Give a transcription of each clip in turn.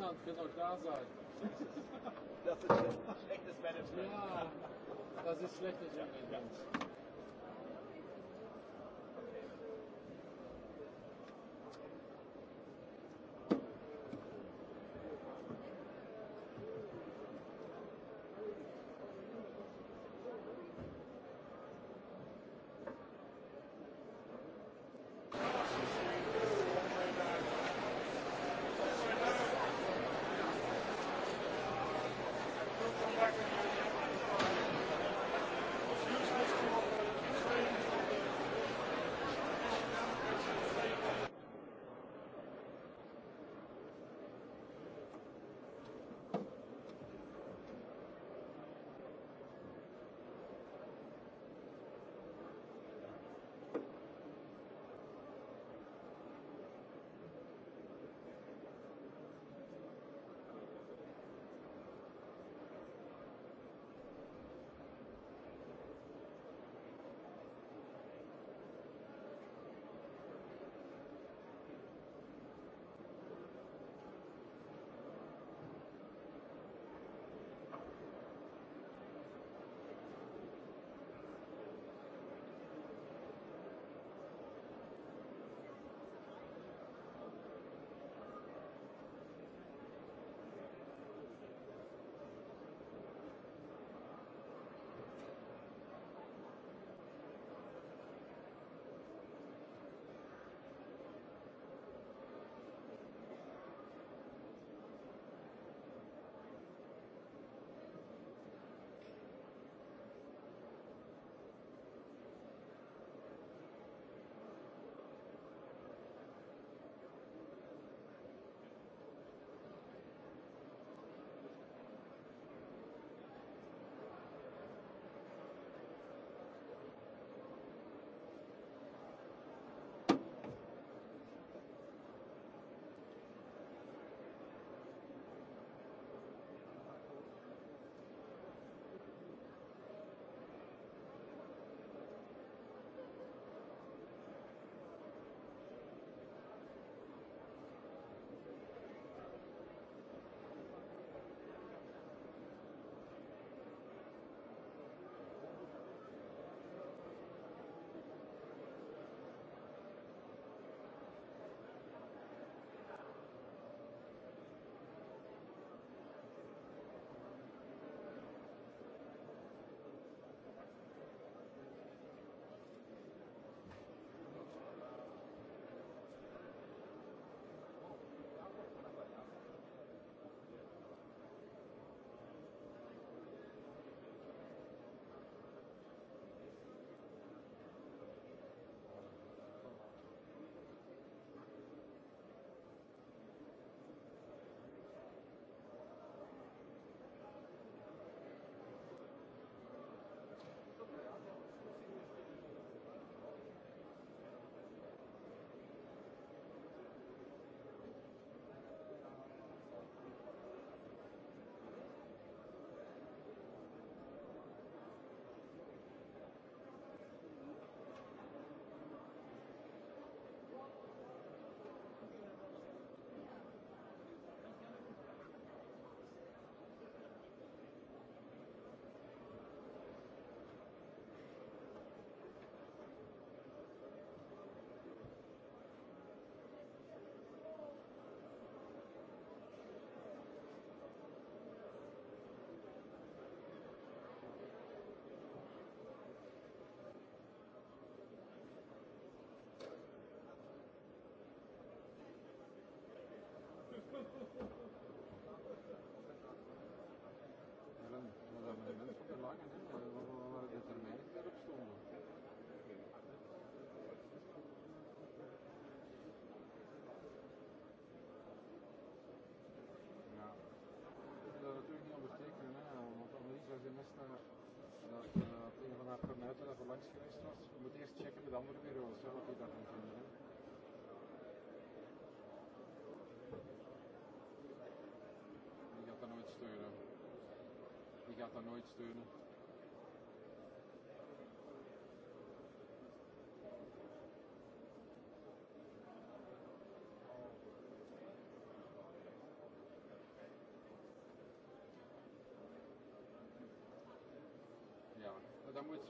niemand wird Das ist schlechtes Management. Ja, das ist schlechtes Management. je mist naar, naar, een van haar promoten dat er langs geweest was. We moeten eerst checken met andere bureaus hè, wat die daarvan vinden. Die gaat dat nooit steunen. Die gaat dat nooit steunen.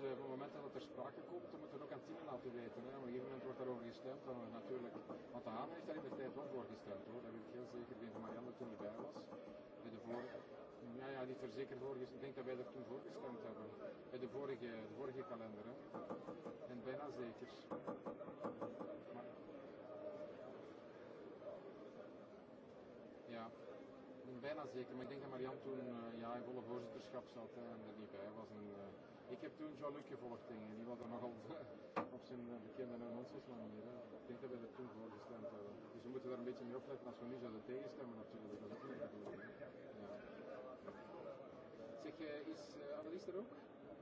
Dus op het moment dat er sprake komt, dan moeten we ook aan Tienen laten weten. Hè. Op een gegeven moment wordt daarover gestemd, dan natuurlijk. Want de Haan heeft daar in de tijd wel voor gestemd hoor. Dat weet ik heel zeker. Ik denk dat Marianne toen niet bij was. Bij de vorige, nou ja, niet er zeker voor Ik denk dat wij er toen voor gestemd hebben. Bij de vorige, de vorige kalender. Hè. En bijna zeker. Ja, bijna zeker. Maar ik denk dat Marianne toen ja, in volle voorzitterschap zat en er niet bij was. En, Ik heb toen Jean-Luc gevolgd, denk Die was nogal op zijn bekende nonsens manier. Ik denk dat we het toen gestemd hebben. Dus we moeten daar een beetje mee opletten als we nu zouden tegenstemmen natuurlijk. Dat is niet ja. Zeg, is Annelies er ook?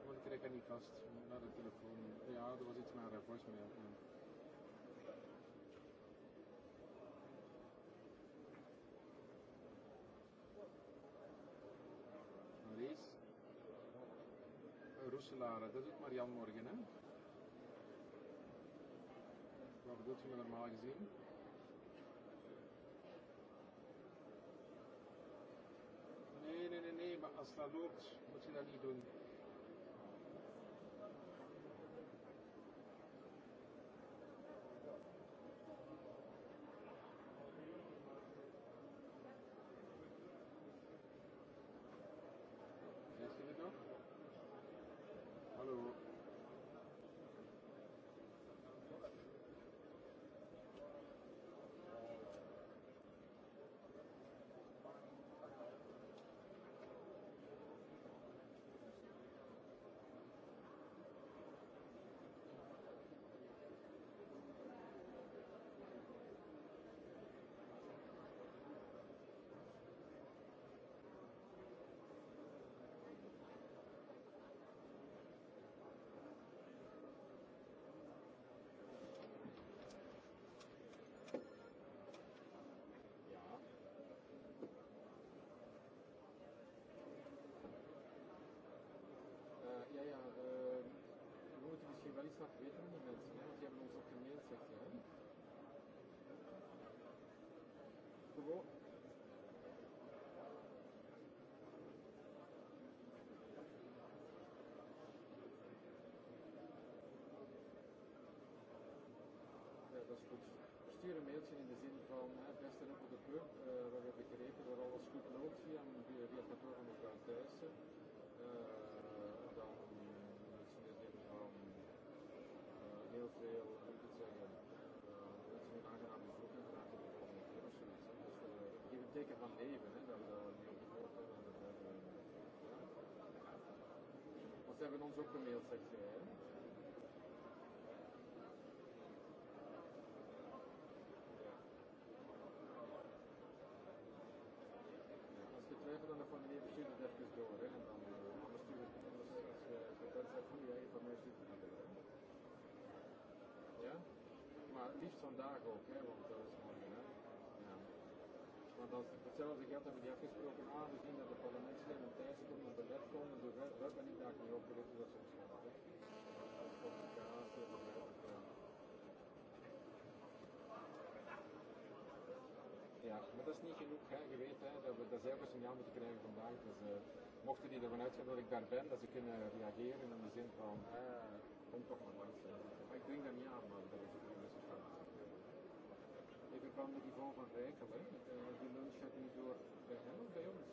Want ik krijg aan niet vast naar de telefoon. Ja, er was iets naar haar voicemail. roeselaar, dat doet Marian morgen, hè? Wat bedoelt je met normaal gezien? Nee, nee, nee, nee, maar als dat loopt, moet je dat niet doen. Wo teken van leven, dat we hebben. hebben ons ook een zegt Hè? Hetzelfde geldt hebben niet afgesproken aangezien dat de parlementsleden een tijd komen om belet komen, zo werd men niet daar niet opgericht dat communicatie van Ja, maar dat is niet genoeg. Hè. Je weet hè, dat we dat zelf een signaal moeten krijgen vandaag. Dus mochten die ervan uitgaan dat ik daar ben, dat ze kunnen reageren in de zin van, eh, kom toch maar langs. Maar ik denk dat niet aan, maar dat is kwamen die van van Uh, die lunch had hij door bij hen of bij ons?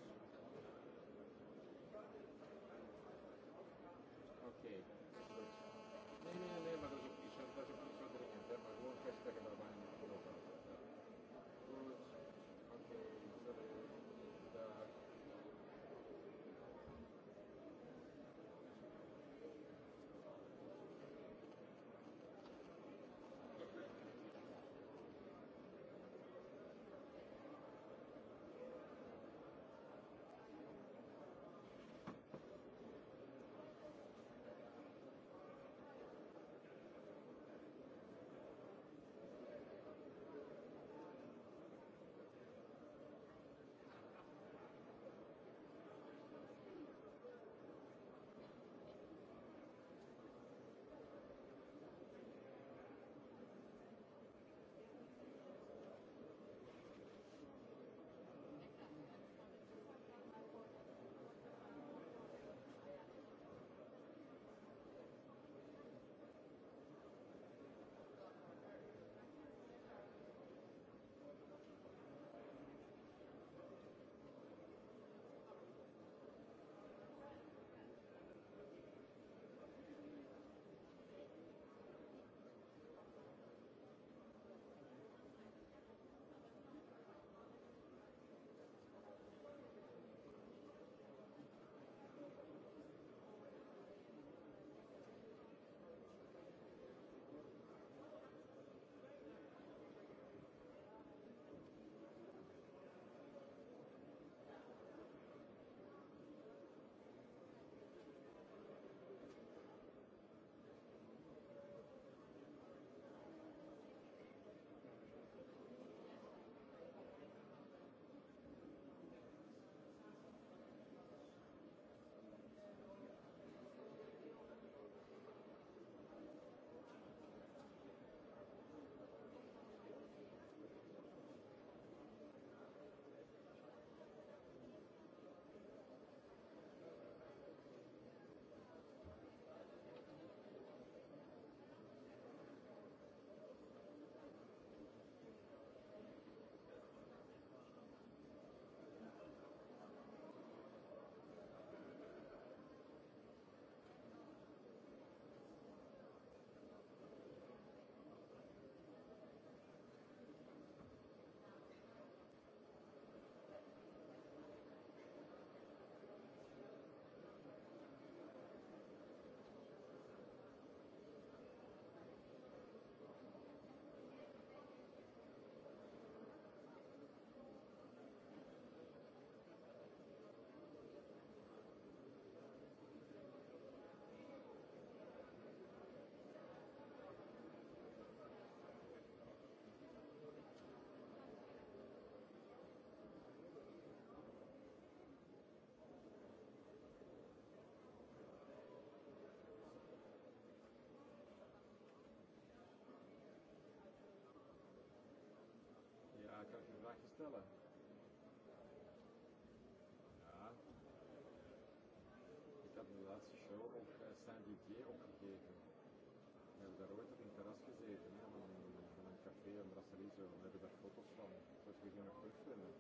daar ooit op een terras gezeten, van, een café, en brasserie, daar foto's van, zoals we nog terugvinden.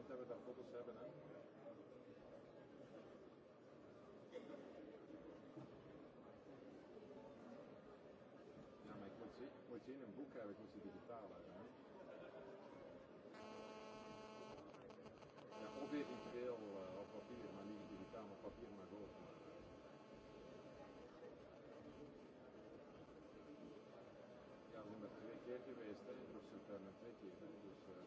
ik denk dat we cena in buca Ja, op papier, maar niet digitaal, papier maar Ja, twee keer dus twee keer, dus ik twee keer.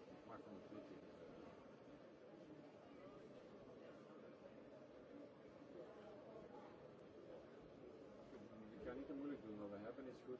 kan niet te moeilijk doen, wat we hebben is goed.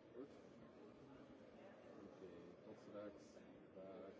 Okay, Tansilax, Bach,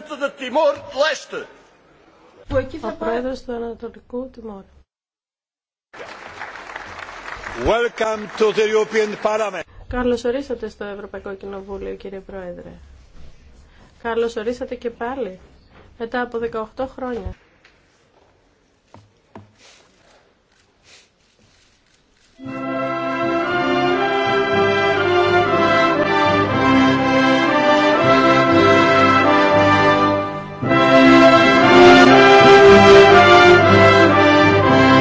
presidente de Timor-Leste. Ο του Ανατολικού Τιμόρ. Welcome to the European Parliament. Καλώς ορίσατε στο Ευρωπαϊκό Κοινοβούλιο, κύριε Πρόεδρε. Καλώς ορίσατε και πάλι, μετά από 18 χρόνια.